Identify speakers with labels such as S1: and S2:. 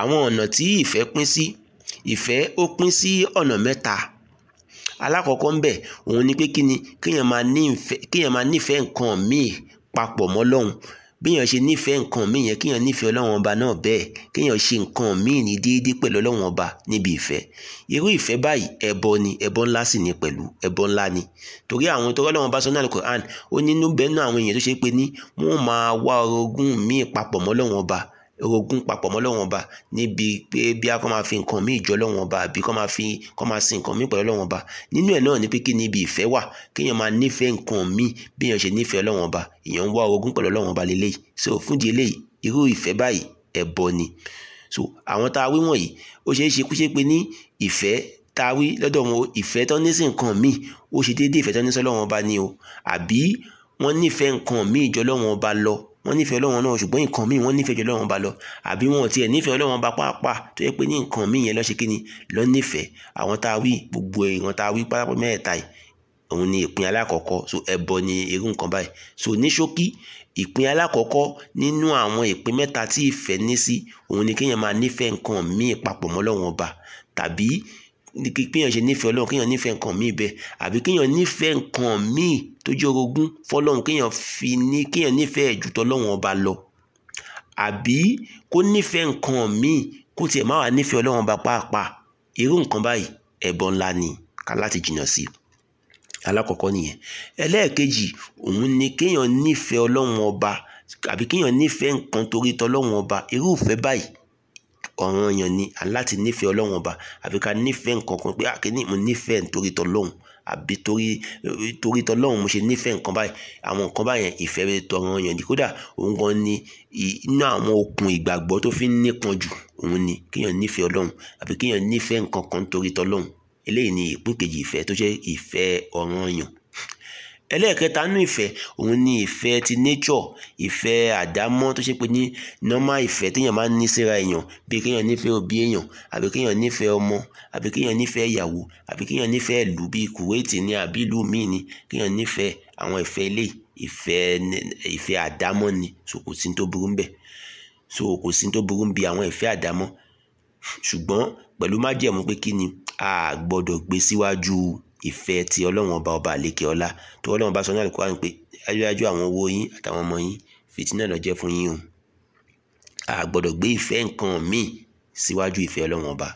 S1: àwọn ọ̀nà tí ìfẹ́ pín sí ìfẹ́ ó pín sí ọ̀nà mẹ́ta alákọ̀ọ́kọ́ ńbẹ̀ òun ni pé kí ni kéèyàn máa nífẹ̀ẹ́ nǹkan míì papọ̀ mọ́ Ọlọ́hun béèyàn ṣe nífẹ̀ẹ́ nǹkan míì yẹn kéèyàn nífẹ̀ẹ́ Ọlọ́hun ọba náà bẹ́ẹ̀ kéèyàn ṣe nǹkan míì ní déédéé pẹ̀lú Ọlọ́hun ọba níbi ìfẹ́ irú ìfẹ́ báyìí ẹbọ ni ẹbọ ńlá sì ni pẹ̀lú ẹbọ ńlá ni torí àwọn tó Ọlọ́hun bá sọ náà Al-Qur'an ó nínú bẹ́ẹ̀ náà àwọn èèyàn tó ṣe pé ní wọ́n máa wá orogún míì papọ̀ mọ́ Ọlọ́hun ọba ogun papọ̀ mọ́ lọ́wọ́n ọba níbi pé bí a kọ́ máa fi nǹkan míì jọ lọ́wọ́n ọba àbí kọ́ máa fi kọ́ máa sin nǹkan míì pẹ̀lú lọ́wọ́n ọba nínú ẹ̀ náà ni pé kí ni ibi ìfẹ́ wà kéèyàn máa nífẹ̀ẹ́ nǹkan míì bí èèyàn ṣe nífẹ̀ẹ́ lọ́wọ́n ọba èèyàn ń wá ogun pẹ̀lú lọ́wọ́n ọba lélẹ́yìí so fúndì eléyìí irú ìfẹ́ báyìí ẹbọ ni so àwọn tá a wí wọ̀nyí ó ṣeé ṣe kú ṣe pé ní ìfẹ́ tá a wí lọ́dọ̀ wọn ìfẹ́ tán ní sí nǹkan míì ó ṣe déédéé ìfẹ́ tán ní sọ́lọ́wọ́n ọba ni o àbí wọ́n nífẹ̀ẹ́ nǹkan míì jọ lọ́wọ́n ọba lọ wọ́n nífẹ̀ẹ́ ọlọ́run náà ṣùgbọ́n nǹkan míì wọ́n nífẹ̀ẹ́ jù ọlọ́run ba lọ àbí wọn ò tiẹ̀ nífẹ̀ẹ́ ọlọ́run ba pàápàá tó yẹ pé ní nǹkan míì yẹn ló ṣe kíni ló nífẹ̀ẹ́ àwọn tá a wí gbogbo èèyàn tá a wí pátápọ̀ mẹ́ẹ̀ta yìí òun ni ìpín alákọ̀ọ́kọ́ so ẹbọ ni irú nǹkan báyìí so ní ṣókí ìpín alákọ̀ọ́kọ́ nínú àwọn ìpín mẹ́ta tí ìfẹ́ ní sí òun ni kéèyàn máa nífẹ̀ẹ́ nǹkan míì papọ̀ mọ́ ọlọ́run ọba tàbí kéèyàn ṣe nífẹ̀ẹ́ ọlọ́run kéèyàn nífẹ̀ẹ́ nǹkan míì bẹ́ẹ̀ àbí kéèyàn nífẹ̀ẹ́ nǹkan míì tó jẹ́ orogún fọlọ́run kéèyàn fi ní kéèyàn nífẹ̀ẹ́ ju tọlọ́run ọba lọ àbí kó nífẹ̀ẹ́ nǹkan míì kó tiẹ̀ má wàá nífẹ̀ẹ́ ọlọ́run ọba pàápàá irú nǹkan báyìí ẹbọ ńlá ni ká láti jìnnà sí alákọ̀ọ́kọ́ nìyẹn ẹlẹ́ẹ̀kejì òun ni kéèyàn nífẹ̀ẹ́ ọlọ́run ọba àbí kéèyàn nífẹ̀ẹ́ nǹkan torí tọlọ́run ọba irú ìfẹ́ báyìí ọ̀ranyàn ni aláti nífẹ̀ẹ́ ọlọ́run ọba àfi ká nífẹ̀ẹ́ nǹkan kan pé àkíní mo nífẹ̀ẹ́ nítorí tọlọ́run àbí torí torí tọlọ́run mo ṣe nífẹ̀ẹ́ nǹkan báyìí àwọn nǹkan báyẹn ìfẹ́ rẹ tọ̀ranyàn ni kódà òun gan ni inú àwọn okùn ìgbàgbọ́ tó fi ń nípọn jù òun ni kéèyàn nífẹ̀ẹ́ ọlọ́run àbí kéèyàn nífẹ̀ẹ́ nǹkan kan nítorí tọlọ́run eléyìí ni ìpín kejì ìfẹ́ tó jẹ́ ìfẹ́ ọ̀ranyàn ẹlẹ́ẹ̀kẹta nínú ìfẹ́ òun ni ìfẹ́ ti nature ìfẹ́ àdámọ́ tó ṣe pé ní normal ìfẹ́ téèyàn máa ń ní síra èèyàn bíi kéèyàn nífẹ̀ẹ́ òbí èèyàn àbí kéèyàn nífẹ̀ẹ́ ọmọ àbí kéèyàn nífẹ̀ẹ́ ìyàwó àbí kéèyàn nífẹ̀ẹ́ ìlú bíi Kuwait ni àbí ìlú míì ni kéèyàn nífẹ̀ẹ́ àwọn ìfẹ́ ilé ìfẹ́ ìfẹ́ àdámọ́ ni so kò sí tó burú ńbẹ̀ so kò sí tó burú ńbi àwọn ìfẹ́ àdámọ́ ṣùgbọ́n pẹ̀lú májẹ̀mú pé kí a gbọ́dọ̀ gbé síwájú ìfẹ́ ti ọlọ́run ọba ọba àlékè ọlá tó ọlọ́run bá sọ ní àlùkò àrùn pé àwọn owó yín àtàwọn ọmọ yín fìtínà ló jẹ́ fún yín o a gbé ìfẹ́ nǹkan míì síwájú ìfẹ́ ọlọ́run ọba